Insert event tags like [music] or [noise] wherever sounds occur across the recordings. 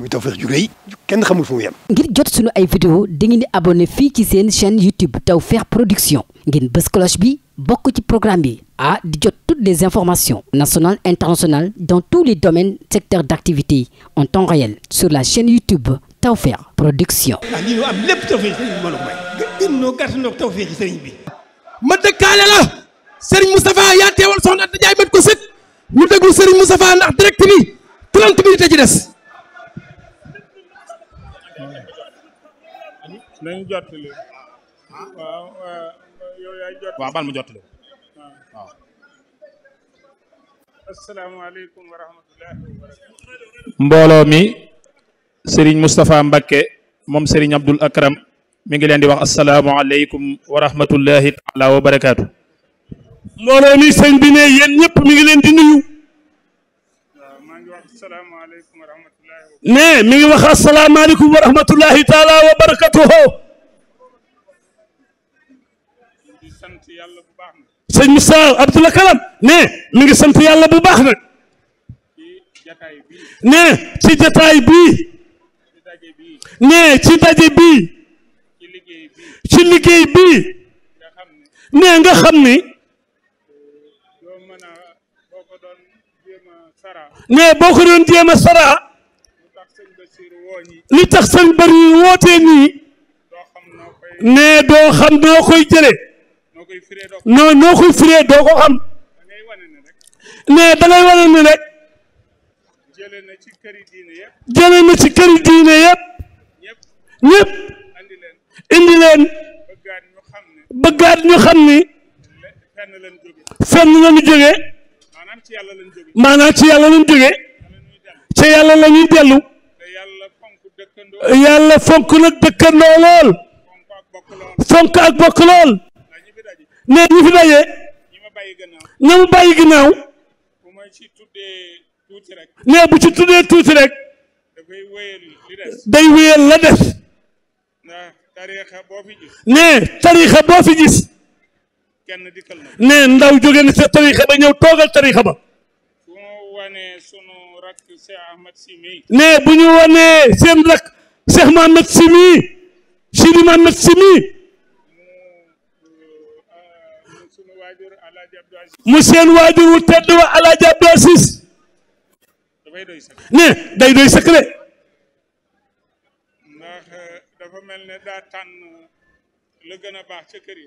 muy Tawfekh ju rëy kenn xamul fu mu yem. ngir jot sunu ay vidéo dangeen di abonné fii ci seen chaîne YouTube Tawfekh Production ngeen bës bi bokk ci programme bi ah di jot toutes les informations nationales internationales dans tous les domaines secteurs d'activité en temps réel sur la chaîne YouTube Tawfekh Production. ah lii ñu am lépp Tawfekh sëriñ bi bi. ma dëkkaale la Serigne Moustapha yaa teewal soxna Anta Ndiaye met ko sëkk ñu déglu Serigne Moustapha ndax direct bi 30 minutes a ci des. nañu jottali. waaw yow yaay jottali. waaw bal ma jottali. waaw. asalaamaaleykum wa rahmatulah. mbooloo mi Serigne Moustapha Mbacke moom Serigne Abdul Akram mi ngi leen di wax asalaamaaleykum wa rahmatullahi taala wa barakaatu. mbooloo mi sëñ bi ne leen di nuyu. ne mi ngi wax asalaamaaleykum wa rahmatullahi taala wa barakatuhu Kalam ne mi ngi sant yàlla bu baax nag ne ci jataay bii ne ci daje bii ci liggéey bii ne nga xam ni ne boo ko doon jéem a saraa li tax sëñ Basiru wootee nii ne doo xam noo koy jële non noo koy firee doo ko xam ne da wane ne rek jële na ci këri diine yëpp ñëpp indi leen bëggaat ñu xam ni fenn la ñu jógee maanaam ci yàlla lañ jógee ca yàlla la ñuy dellu yàlla fonk nag dëkkandoo lool fonk ak bokk lool ne ñu fi daje ña mu bàyyi ginnaaw ne bu ci tuddee tuuti rek day wéyal la des ne tariixa boo fi gis ne ndaw jóge na sa tarixa ba ñëw toogal tarixa ba ne bu ñu wanee seen rak Cheikh Mohamed Si mii Sidi Mohamed Si mii mu seen waajur wu tedd wa Alaaji Abdou Aziz ne day doy secret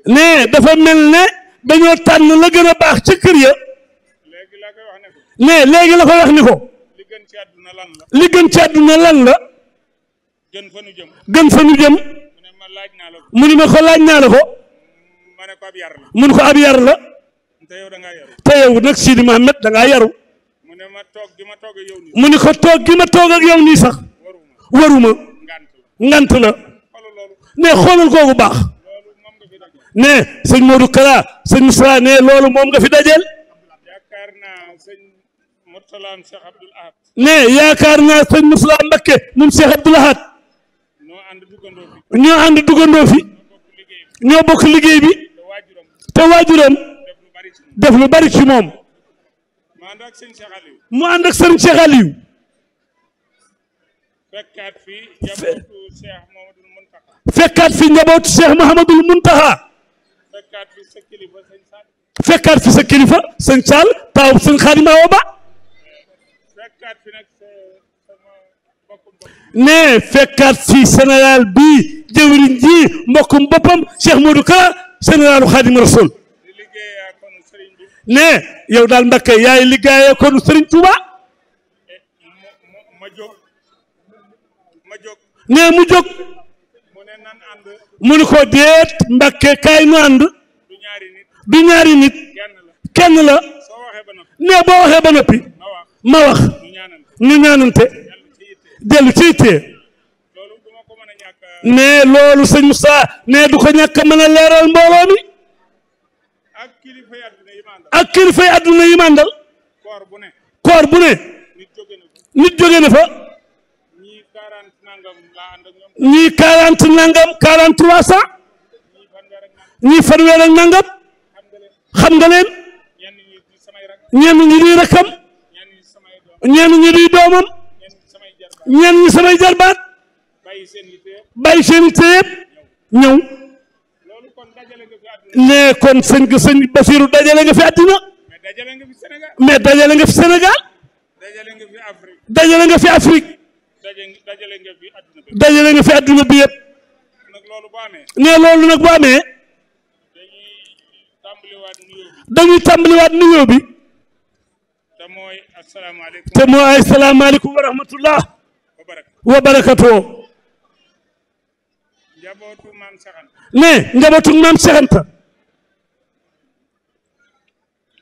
ne dafa mel ne dañoo tànn la gën a baax ca kër ya ne léegi la koy wax ni ko li gën ci àdduna lan la li gën ci àdduna lan la gën fa nu jëm gën fa nu jëm mu ni ma ko laaj naa la ko mun ko ab yar la te yow nag Sidi Mohamed da ngaa yaru mu ni ko toog gi ma toog ak yow nii sax waruma ngant la ne xoolal kooku baax ne sëñ Modou Kara sëñ Moussa ne loolu moom nga fi dajeel ne yaakaar naa sëñ Moussa Mbakke moom Cheikh Abdoul Ahad ñoo ànd duggandoo fi ñoo bokk liggéey bi te waajuram def lu bari ci moom mu ànd ak sëñ Cheikh Aliou fekkaat fi njabootu Cheikh Mouhamadoul Mountakha fekkaat fi sa kilifa sëñ Saal taawub sëñ Xaadim Awa Ba ne fekkaat fi Sénégal bii jëwriñ ji mbokkum boppam Cheikh Modou Kara Sénégalu Xaadim Rasul yow daal Mbakke yaay liggéeyee kon Serigne Touba ne mu jóg mu ko déet Mbakke kaay nu ànd du ñaari nit kenn la ne boo waxee ba noppi ma wax ñu ñaanante dellu ci yitte ne loolu sëñ Moussa ne du ko ñàkk a mën a leeral mbooloo mi ak kilifay àdduna yi màndal koor bu ne nit jóge na fa ñii quarante nangam quarante trois ñii fanweer nangam xam nga leen ñenn ñi di rakkam ñenn ñi di doomam ñenn ñi samay jarbaat bàyyi seen i téyeb ñëw ne kon sëñ sëñ Basiru dajale nga fi àddina mais dajale nga fi Sénégal dajale nga fi Afrique dajale nga fi àdduna bi yëpp ne loolu nag bu amee dañuy tàmbaliwaat nuyoo bi te mooy asalaamaaleykum wa rahmatullah wa barakatoo ne njabootu maam Cheikh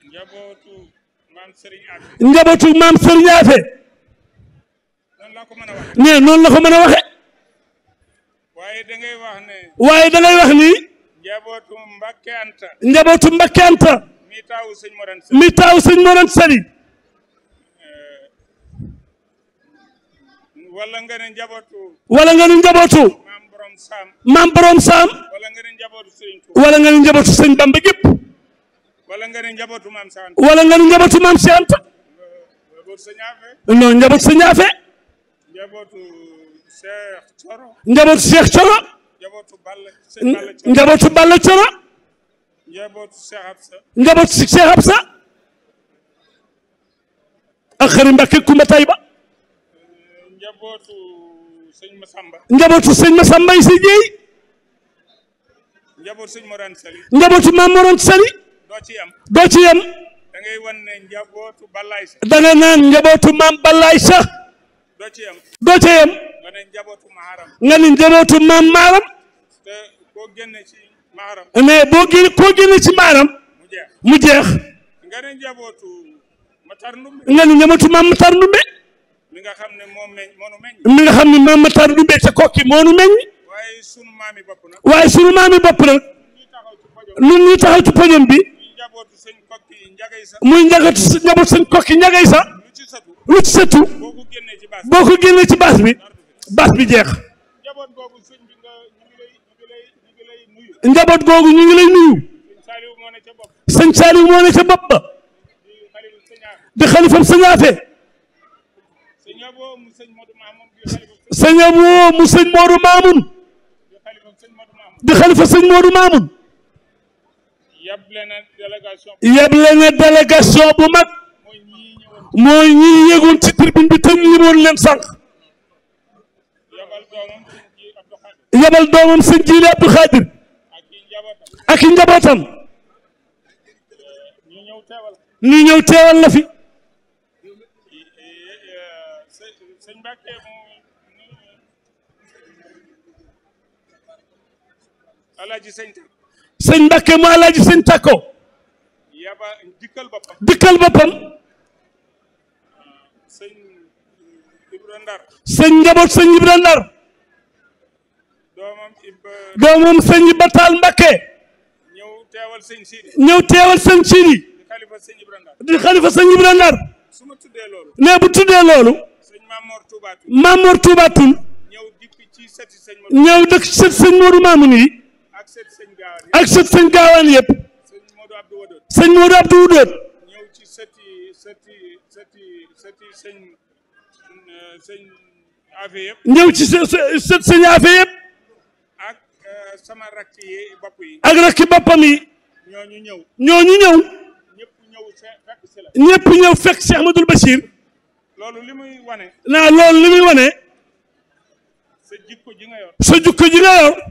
njabootu maam Serigne Afe ne la ko mën waxe waaye da wax ni njabootu Mbakke Anta. njabootu Mbakke Anta. mi taawu sëñ Morane Sali. mi taawu sëñ Morane Sali. Eh, wala nga ne njabootu. wala nga ne njabootu. maam borom saam. maam borom wala nga ne njabootu sëñ. wala nga ne njabootu sëñ wala nga ne njabootu maam Saam. wala nga ne njabootu maam Saam. non Afe. njabootu Cheikh Coro. njabootu Balla Coro njabootu Cheikh Absa ak xëri Mbàkke Kumba Tayba njabootu sëñ Masamba njabootu sëñ Masamba jeey njabootu sëñ Morane Sali Maam Morane Sali doo ci yam doo ci yam da naan njabootu Maam Balaay sax doo ca yem nga ne njabootu maam maaram mais boo génne koo génne ci maaram mu jeex nga ne njabootu maam Matar Ndumbe mi nga xam ne maam Matar Ndumbe te kokki moonu meññ waaye sunu maami bopp nag waaye sunu maami bopp nag ñun ñuy taxaw ci pojom bi muy njabootu sëñ kokki njagay sa wicc sëtu boo ko génnee ci baas bi baas bi jeex njaboot googu ñu ngi lay nuyu sëñ Saliou moo ne ca bopp ba di xalifam sëñ Afe sëñ Abo mu sëñ Modou Mamoun di xalifa sëñ Modou Mamoun yeble na délégation bu mag mooy ñi yéegoon ci tribune bi te limoon leen sànq yabal doomam sëñ Jiili Abdu Xaadir ak i njabootam ñu ñëw teewal la fi sëñ Mbàkke mu alaaji sëñ Takko dikkal boppam sëñ Ibra Ndar. sëñ njaboot sëñ Ibra Ndar. doomam Ibba. doomam sëñ Ibba Taal Mbakke. ñëw teewal sëñ Sidi. ñëw teewal sëñ Sidi. di xalifa sëñ Ibra Ndar. di xalifa sëñ Ibra Ndar. su ma tuddee loolu. ne bu tuddee loolu. sëñ Mamor Touba Toul. Mamor Touba Toul. ñëw dikk ci sëti sëñ Modou. ñëw dëkk ci sëti sëñ Modou Mamoun yi. ak sëti sëñ Gaawaan yëpp. ak sëti sëñ Gaawaan yëpp. sëñ Modou Abdou Wadoot. sëñ Modou Abdou Wadoot. sëti sëti sëti sëti sëñ sëñ affaire yëpp. ñëw sa sët sëñ affaire yëpp. ak euh, sama rakk yi yi. ak rakk boppam yi. ñooñu ñëw. ñëw. ñëpp ñëw ñëw fekk si loolu li muy wane. naa wane. sa ji nga yor.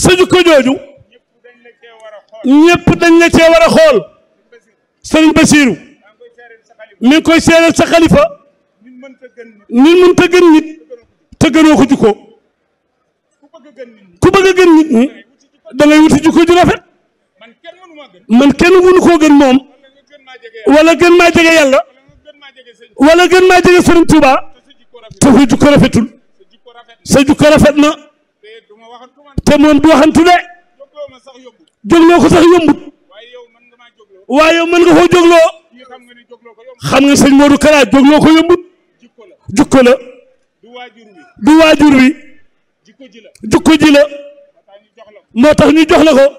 sa jikko jooju. ñëpp dañ la cee war a xool sëriñ Basiiru mi koy seereel sa xalifa ni mënta gën nit te gënoo ko jikko ku bëgg a gën nit ñi da ngay wuti jikko ju rafet man kenn mënu koo gën moom wala gën maa jege yàlla wala gën maa jege sëriñ Tuuba te sa jikko rafetul sa jikko rafet na te moom du waxantu de jógloo ko sax yombut waaye yow mën nga koo jógloo xam nga sëñ Modou Kara jógloo ko yombut jukko la du waajur wi jukko ji la moo tax ñu jox la ko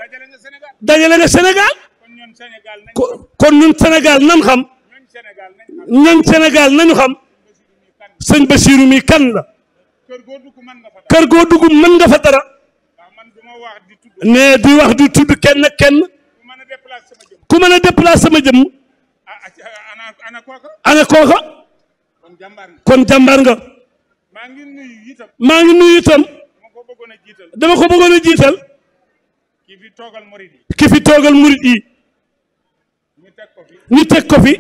dajale nga Sénégal kon ñun senegal nan xam ñun senegal nañu xam sëñ Bassirou mi kan la kër goo dugg mën nga fa dara ne du wax di tudd kenn kenn ku mën a déplacer sama jëm ah, ah, ah, ana kooka kon jàmbaar nga maa ngi nuyu itam dama ko bëggoon a jiital ki fi toogal murid yi ki toogal murid yi teg ko fi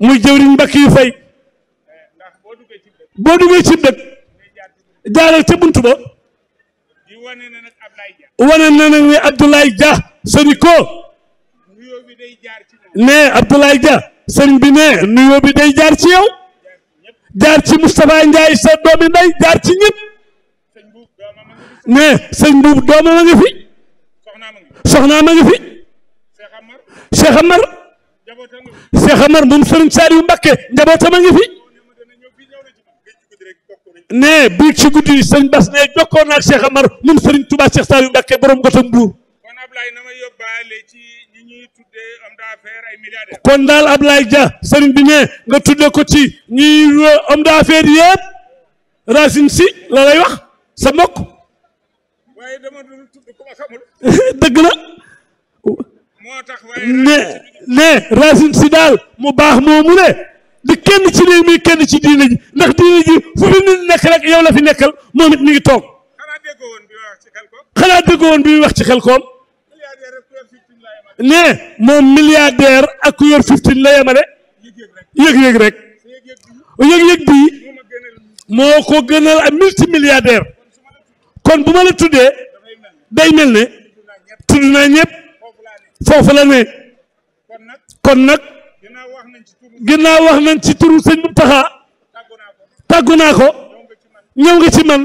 muy jëwriñ mbakk yu fay eh, boo duggee ci dëkk jaaral ca bunt ba wane na nag Ablaye Dia wane ne Abdoulaye Dia sëñ ko ne Abdoulaye Dia sëñ bi ne nuyoo bi day jaar ci yow jaar ci Moustapha Ndiaye sa doomi nday jaar ci ñëpp ne sëñ buub dooma ma nga fi soxnaa ma nga fi Cheikh Amar Cheikh Amar moom sëriñ Saliou Mbacké njabootam a nga fi ne biig ci guddi sëñ Bass ne jokkoon na ak Cheikh Amar moom Serigne Touba Cheikh Saliou Mbacké borom gotam mbuur kon daal Ablaye Dia Serigne bi ne nga tudde ko ci ñuy homme d'affaires yëpp Racine Sy la lay wax sa mbokk [laughs] dëgg la ne ne Racine Sy daal mu baax moomu ne di kenn ci réew mi kenn ci diine ji ndax diine ji fu fi nekk rek yow la fi nekkal moom it mi ngi toog xanaa déggoo woon bi wax ci xel koom ne moom milliardaire ak yor fifteen la yemale yëg-yëg rek yëg-yëg bii moo ko gënal ak multimilliardaire kon bu ma la tuddee day mel ne tudd naa ñëpp foofu la ne kon nag ginnaaw wax nañ ci turu sëñ Muntaxa tàggu naa ko ñëw nga ci man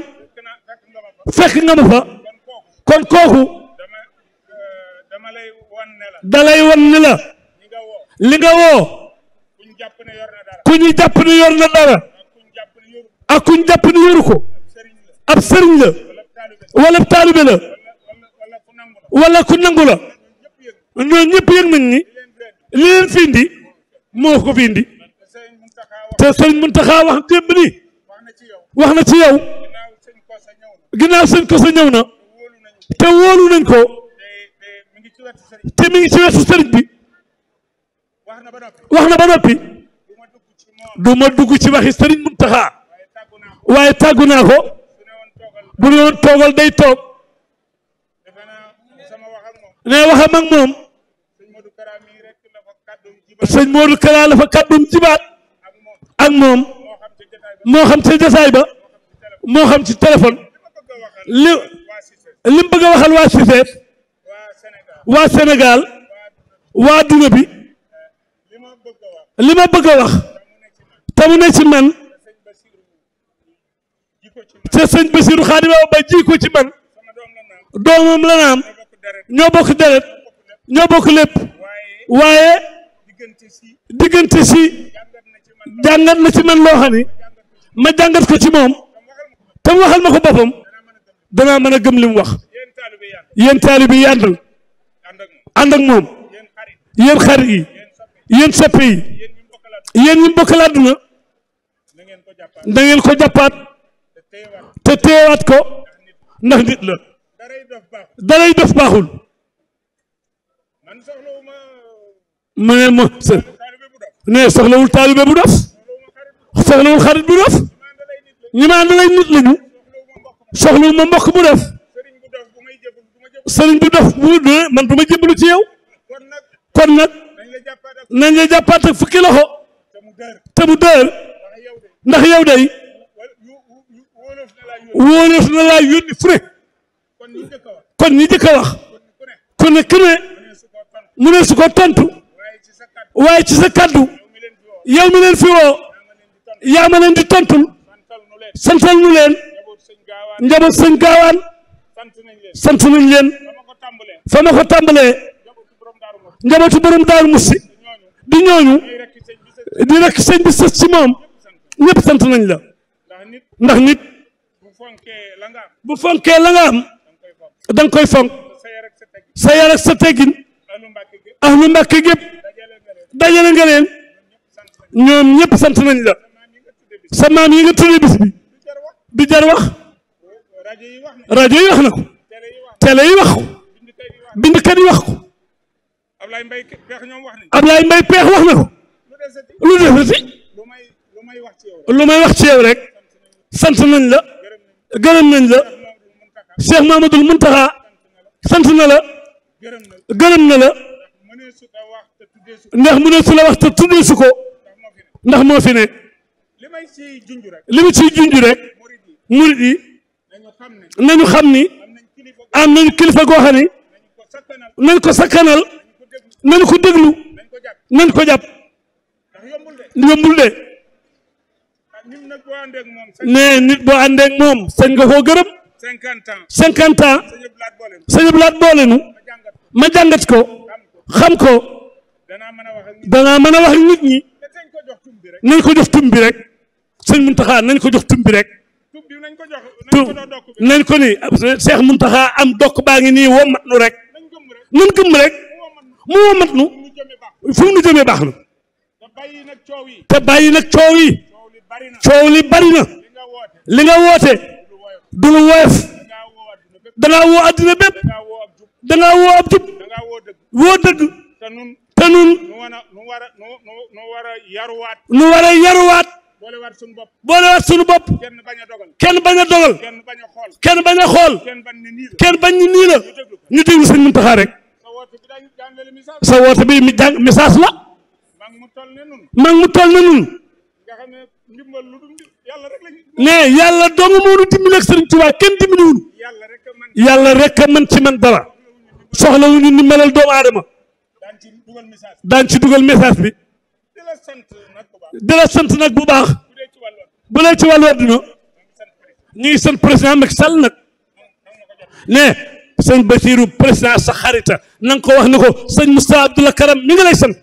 fekk nga ma fa kon kooku euh, da lay wan ni la li nga woo ku ñu ni yor na dara ak ku ñu ni yoru ko ab sëriñ la wala taalibe la wala ku nangu la ñoo ñëpp yëg nañ ni li leen fi moo ko fi indi te sëñ Muntaxa wax démb ni wax na ci yow ginnaaw sëñ ko sa ñëw na te wóolu nañ ko te mi ngi ci wetu sëriñ bi wax na ba noppi du ma dugg ci waxi sëriñ Muntaxa waaye tàggu naa ko bu ñu woon toogal day toog ne waxam ak moom sëñ Modou Kara la fa kàddum jibaat ak moom moo xam ci jasaay ba moo xam ci téléphone li li mu waxal waa Cissé waa Sénégal waa duna bi li wax te ne ci man ca sëñ Bassirou Khadim ba ji ci man doomam la ñoo bokk deret ñoo bokk lépp waaye. diggante si jàngat na ci man loo xam ni ma jàngat ko ci moom te mu waxal ma ko boppam danaa mën a gëm li mu wax yéen taalibe yi àndal ànd ak moom yéen xarit yi yéen soppe yi yéen ñi bokkal àdduna da ngeen ko jàppaat te teewaat ko ndax nit la dalay def baaxul ma ne ma ne soxlawul taalibe bu dof soxlawul xarit bu dof ñi ma àndalay nit lañu soxlawu ma mbokk bu dof sëriñ bu dof bu man du ma jébbalu ci yow kon nag nañ la jàppaat ak fukki loxo te bu dër ndax yow day wóolof na laa yónni fure kon ñi jëkk a wax kon ne ku mu ne su ko tontu waaye ci sa kàddu yow mi leen fi woo yaa ma leen di tontul santal nu leen njaboot sëñ gaawaan sant nañ leen fa ma ko tàmbalee njabootu borom daaru musi di ñooñu di rek sëñ bi sës ci moom ñëpp sant nañ la ndax nit bu fonkee la nga am da nga koy fonk sa yar ak sa teggin gépp dajale nga leen ñoom ñëpp sant nañ la bi rajo yi wax na ko télé yi wax ko bindkat yi wax ko Ablaye lu may wax ci rek sant nañ la gërëm nañ la Cheikh Mamadou Muntaxa sant na la gërëm na la ndax mu ne su la wax su ko ndax moo fi ne li ma ciy junj rek nañu xam ni am nañu kilifa goo xam ni ko sakkanal nañ ko déglu nañ ko jàpp yombul de ah, ne nit boo àndeek moom sañ nga koo gërëm cinquante ans sañu blaat boolenu ma jàngat ko xam ko danaa mën a wax ak nit ñi nañ ko jox tum bi rek sëñ Muntaxa nañ ko jox tum bi rek tu nañ ko ni Seex Muntaxa am dokk baa ngi nii woo mat nu rek nun gëmm rek mu woo mat nu fu mu nu jëmee baax na te bàyyi nag coow yi coow li bari na li nga woote du lu woyof dangaa woo addina bépp dangaa woo ab jub woo dëgg te nun nu war a yaruwaat nu war a yaruwaat boolewaat suñu bopp boolewaat suñu bopp kenn bañ a dogal kenn bañ a kenn bañ a xool kenn bañ a xool kenn bañ ni nii la ñu déglu sëñ Muntaxa rek sa woote bi mi jàng message la mag mu toll ne nun ne yàlla dong moo nu dimbali ak Sëriñ Tuubaa kenn dimbaliwul yàlla rek a mën ci man dara soxlawuñu ni melal doomu aadama daan ci dugal message bi di la sant nag bu baax bu dee ci wàllu àdduna ñu ngi sant président Macky Sall nag ne sëñ Basiru président sa xarita na ko wax ne ko sëñ Moustapha Abdoulaye Karam mi ngi lay sant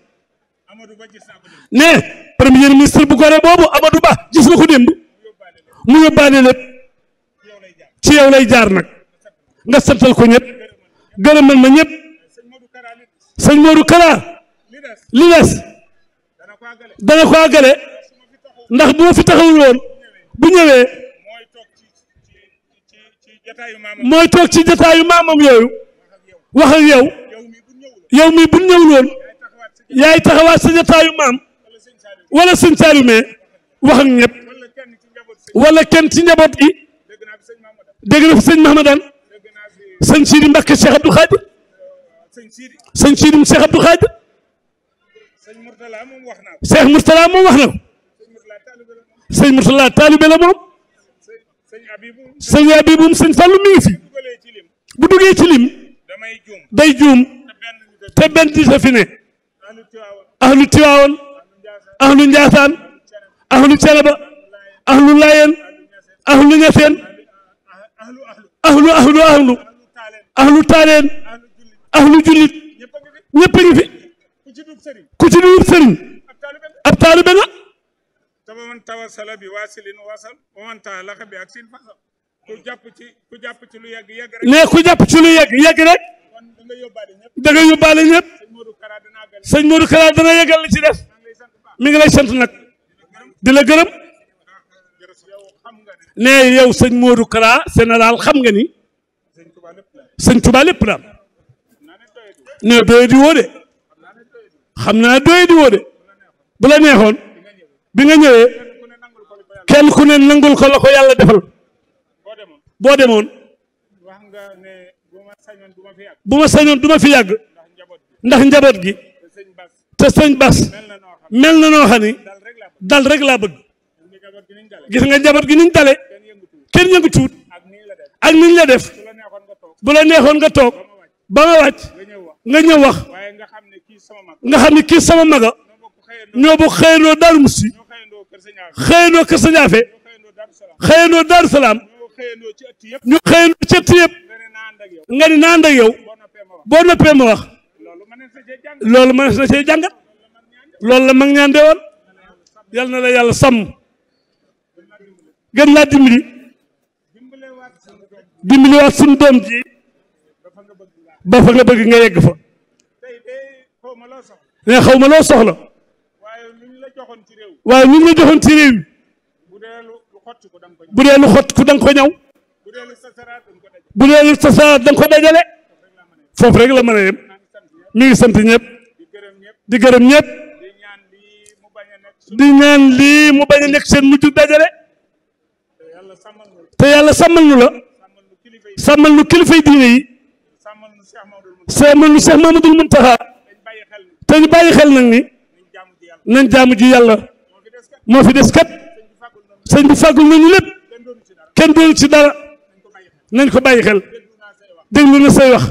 ne premier ministre bu Gorée boobu Amadou Ba gis na ko démb mu yóbbaale lépp ci yow lay jaar nag nga santal ko ñëpp gërëmal ma ñëpp. sëñ Modou Kara li des dana ko àggale ndax bu ma fi taxawul woon bu ñëwee mooy toog ci jataayu maamam yooyu wax ak yow yow mii bu ñëwul woon yaay taxawaat sa jataayu maam wala sëñ Saliou mais wax ak ñëpp wala kenn ci njaboot gi dégg na fi sëñ Mahamadan sëñ Sidi Mbacke Cheikh Abdou Khadir sëñ Siidi Cheikh Abdou Khadir Cheikh Mourtala moom wax na ko Cheikh Mourtala moom wax na ko sëñ Mourtala bu duggee ci day juum te benn sa fi ne ahlu Tiwaawan ahlu Njaasaan ahlu Ceneba ahlu Laayeen ahlu Ñaseen ahlu ahlu ahlu ahlu ahlu Taaleen ahlu jullit ñëpp a ngi fi ku ci duub sëriñ ab taalibe la taba man tawasala bi wa man taalaka bi ak ku jàpp ci ku jàpp ci lu yàgg yàgg rek ne ku jàpp ci lu yàgg yàgg rek da nga yóbbaale ñëpp sëñ Modou Kara dana yeggal li ci def mi ngi lay sant nag di la gërëm ne yow sëñ Modou Kara général xam nga ni sëñ Touba lépp la ne doye di woo de xam naa doye di woo de bu la neexoon bi nga ñëwee kenn ku nen ne nangul ko la ko yàlla defal boo demoon bu ma sañoon duma fi yàgg ndax njaboot gi te sëñ Bas mel na noo xam ni dal rek laa bëgg gis nga njaboot gi niñ dale kenn yëngu tuut ak niñ la def bu la neexoon nga toog ba ma wàcc nga ñëw wax nga xam ne kii sama maga ñoo bokk xëyandoo Daaru Musi xëyandoo Kër Sañaafe xëyandoo Daaru Salaam ñu xëyandoo ci ëtt yëpp nga ni naa ànd ak yow boo noppee ma wax loolu mënees na cee jàngat loolu la mag ñaan deewoon yal na la yàlla sàmm gën laa dimbali dimbali waat suñu doom ji ba fa nga bëgg nga yegg fa ne xaw ma loo soxla waaye luñ la joxoon ci réew mi bu dee lu xott ku da ko ñaw bu dee lu sasaraat da ko dajale foofu rek la mën a yem mi ngi sant ñëpp di gërëm ñëpp di ñaan lii mu bañ a nekk seen mujj dajale te yàlla sàmmal nu la sàmmal nu kilifay diine yi Cheikh Mamadou Cheikh Mamadou Muntaha te ñu bàyyi xel nag ni nañ jaamu ji yàlla moo fi des kat sëñ bi fàggul nañu lépp kenn doonu ci dara nañ ko bàyyi xel déglu na say wax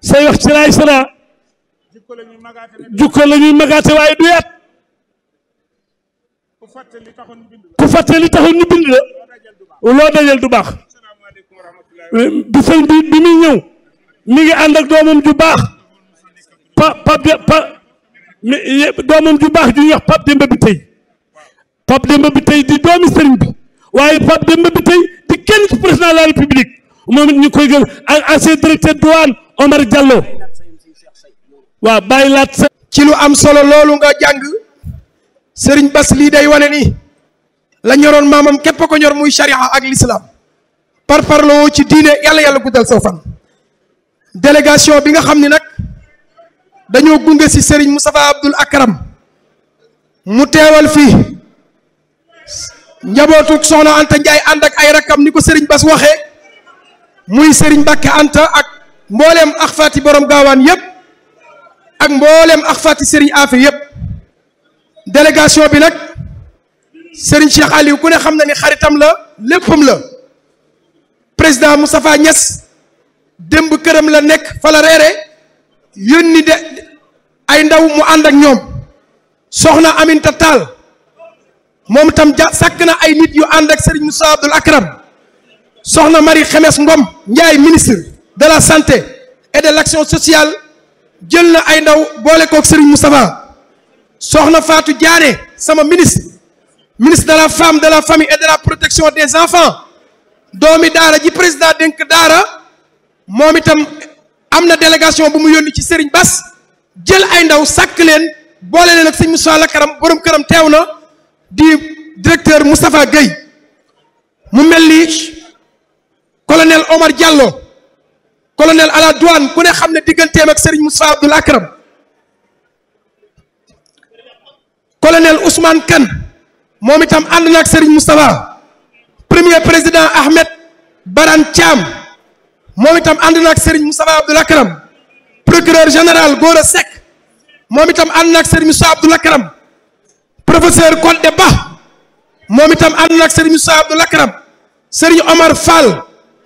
say wax ci laay saraa jukko la ñuy magaate waaye du yaat ku fàtte li taxoon ñu bind la loo dajal du baax bi sëñ bi bi muy ñëw mi ngi ànd ak doomam ju baax pa pap pa doomam ju baax ju ñuy wax Pape Demba bi tey Pape Demba bi tey di doomi sëriñ bi waaye Pape Demba bi tey di kenn ci président la république moom it ñu koy gëm ak ancien directeur douane Omar Diallo waaw bàyyi laat sa ci lu am solo loolu nga jàng sëriñ Bas lii day wane ni la ñoroon maamam képp ko ñor muy sharia ak l'islam par parloo ci diine yàlla yàlla guddal saw fan délégation bi nga xam ni nag dañoo gunge ci Serigne Moustapha Abdoul Akram mu teewal fii njabootu soxna Anta Ndiaye ànd ak ay rakkam ni ko Serigne Bass waxee muy Serigne Bakke Anta ak mbooleem ak fati borom gaawaan yëpp ak mbooleem ak fati Serigne Afe yëpp délégation bi nag Serigne Cheikh Aliou ku ne xam na ni xaritam la léppam la président Moustapha Niass. démb këram la nekk fa la reere yónni de ay ndaw mu ànd ak ñoom soxna Aminta Tall moom itam ja sàkk na ay nit yu ànd ak Serigne Moussa Abdoul Akram soxna Marie Xemes Ngom Ndiaye ministre de la santé et de l'action sociale jël na ay ndaw boole kook Serigne Moustapha soxna Fatou Diané sama ministre ministre de la femme de la famille et de protection des enfants doomi daara ji président dénk daara moom itam am na délégation bu mu yónni ci Serigne Bass jël ay ndaw sàkk leen boole leen ak sëñ Moussa la karam borom këram teew na di directeur Moustapha Guèye mu mel ni colonel Omar Diallo colonel à la douane ku ne xam ne digganteem ak Serigne Moussa Abdoul Akram colonel Ousmane Kane moom itam ànd na ak Serigne Moustapha premier président Ahmed Baran Thiam. moom itam ànd na ak Serigne Moustapha Abdoul Akram procureur général Gora Seck moom itam ànd na ak Serigne Moustapha Ba moom itam ànd na ak Serigne Moustapha Abdoul Akram Serigne Omar Fall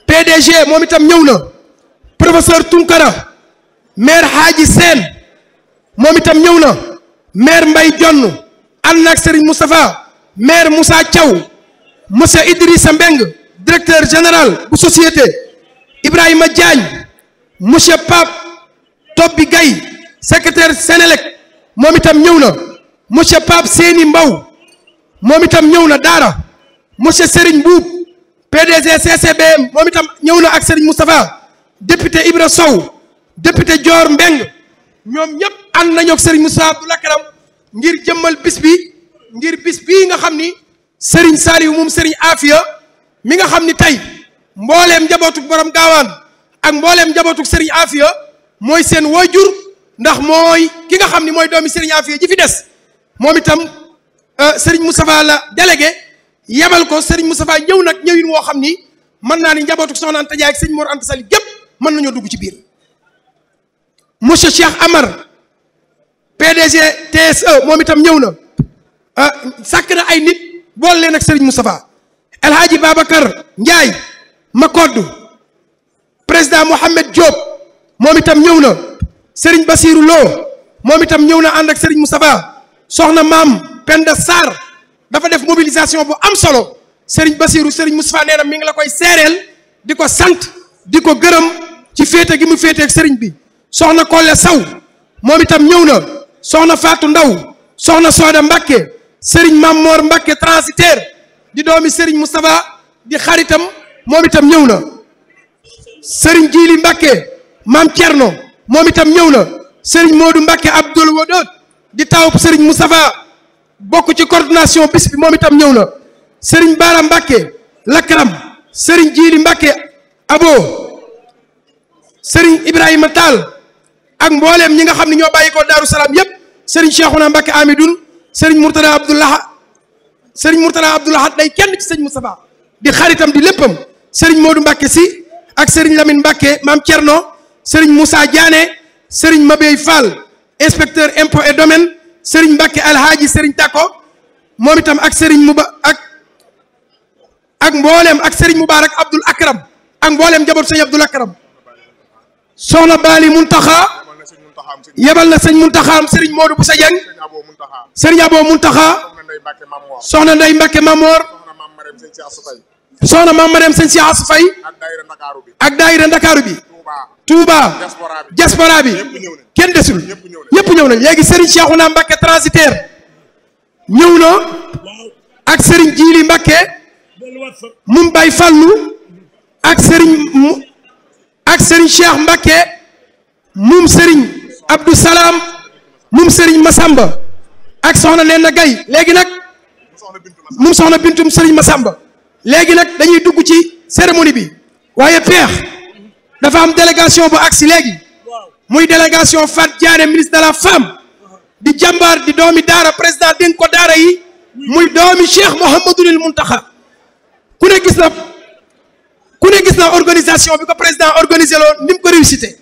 PDG moom tam ñëw na professeur Tunkara maire Hadji Sène moom itam ñëw na maire Mbaye Jonn ànd na ak Serigne Moustapha caw Moussa Thiaw monsieur Mbeng directeur général bu société. Ibrahima Diagne monsieur Pape Tobbi Gaye secrétaire Sénélec moom itam ñëw na monsieur Pape Séni Mbaw moom itam ñëw na Daara monsieur Serigne Mbuub PDG CCBM moom itam ñëw na ak Serigne Moustapha député Ibra Sow député Dior Mbeng ñoom ñëpp ànd nañu ak Serigne Moustapha Abdou ngir jëmmal bis bi ngir bis bii nga xam ni Serigne Saliou moom Serigne Afia mi nga xam ni tey. mbooleem njabootuk borom gaawaan ak mbooleem njabootuk sëriñ Afia mooy seen jur ndax mooy ki nga xam ni mooy doomi sëriñ Afia ji fi des moom itam euh, sëriñ Moustapha la délégué yebal ko sëriñ Moustapha ñëw nag ñëwin woo xam ni mën naa ni njabootuk soxna Anta Ndiaye ak sëriñ Mor mën nañoo dugg ci biir monsieur Cheikh Amar PDG TSE moom itam ñëw na euh, sàkk na ay nit boole leen ak sëriñ Moustapha El Hadji Babacar Ndiaye Makoddu président Mouhamed Diop moom itam ñëw na Serigne Bassirou Lo moom itam ñëw na ànd ak Serigne Moustapha soxna maam Penda Sarr dafa def mobilisation bu am solo Serigne basiiru Serigne Moustapha nee na mi ngi la koy seereel di ko sant di ko gërëm ci féete gi mu féeteeg Serigne bi soxna Kole Saw moom itam ñëw na soxna Fatou Ndaw soxna Sooda Mbacke Serigne Mamor Mbacke transitaire di doomi Serigne Moustapha di xaritam. moom itam ñëw na sëriñ Jili mbakke maam Cerno moom itam ñëw na sëriñ Moodu Mbàkke Abdul Wadoot di taawub sëriñ Moustapha bokk ci coordination bis bi moom ñëw na sëriñ Baara Mbàkke Lakram sëriñ Jili Mbàkke Abo sëriñ Ibrahima Tall ak mbooleem ñi nga xam ne ñoo bàyyi ko Daaru Salaam yépp sëriñ Cheikhouna Mbàkke Amidoun sëriñ Mourtada Abdoulaha sëriñ Mourtada Abdoulaha day kenn ci sëriñ Moustapha di xaritam di léppam sëriñ Modou Mbacke si ak sëriñ Lamine Mbacke maam Thierno sëriñ Moussa Diané seriñ Mabey Fall inspecteur impôt et domaine sëriñ Mbacke alhaaji sëriñ Tako moom itam ak sëriñ Muba ak ak mboolem ak sëriñ Moubarak Abdoul Akram ak mboolem njaboot sëriñ Abdoul Akram soxna Baali Muntaxa yebal na sëñ Muntaxaam sëriñ Modou Boussa Dieng sëriñ Abo Muntaxa soxna Ndey Mbacke Mamor. soxna maam Mariam sëñ si Asu Fay ak daayira ndakaaru bi Touba diaspora bi kenn desul ñëpp ñëw nañ léegi Serigne Cheikhouna Mbacké transitaire ñëw na ak Serigne Jili Mbacké mum bay Fallu ak Serigne ak Serigne Cheikh Mbacké mum Serigne Abdou Salam mum Serigne Massamba ak soxna Nena Gay léegi nag mum soxna Bintum Serigne Massamba léegi nag dañuy dugg ci cérémonie bi waaye peex dafa am délégation bu agsi léegi muy délégation Fat Diaré ministre de la femme di jàmbaar di doomi daara président dénk ko daara yi muy doomi Cheikh Mouhamadoul Mountakha ku ne gis na ku ne organisation bi ko président organisé loon ni mu ko réussité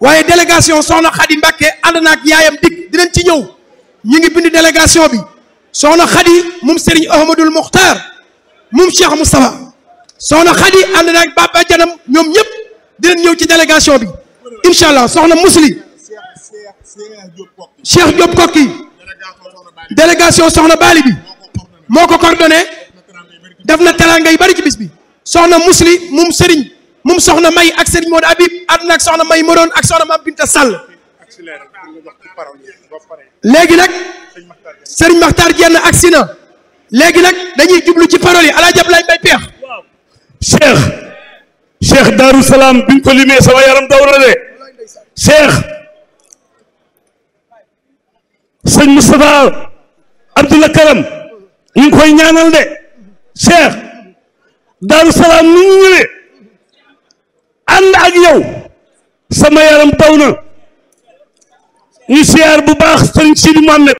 waaye délégation soxna Khady Mbacke ànd na ak yaayam dikk dinañ ci ñëw ñu ngi bind délégation bi soxna Khady moom Serigne Ahmadoul Mokhtar moom Cheikh Moustapha soxna Khady ànd ak Baba Janam ñoom ñëpp dinañ ñëw ci délégation bi incha allah soxna Musli Cheikh Diop Kokki délégation soxna Bali bi moo ko coordonné def na teraanga ngay bari ci bi soxna Musli moom Serigne moom soxna May ak Serigne Modou Habib ànd naag soxna May Moroon ak soxna Mame Binta Sall léegi nag Serigne Makhtar Diène agsi na. léegi nag dañuy jublu ci parole yi alaaji Ablaye Mbaye Peex cheikh cheikh Darou Salaam biñ limee sama yaram daw de cheikh sëñ Moustapha Abdoula Karam ñu ngi koy ñaanal ak yow sama yaram daw na ñu siyaar bu baax sëñ Sidi Mohamed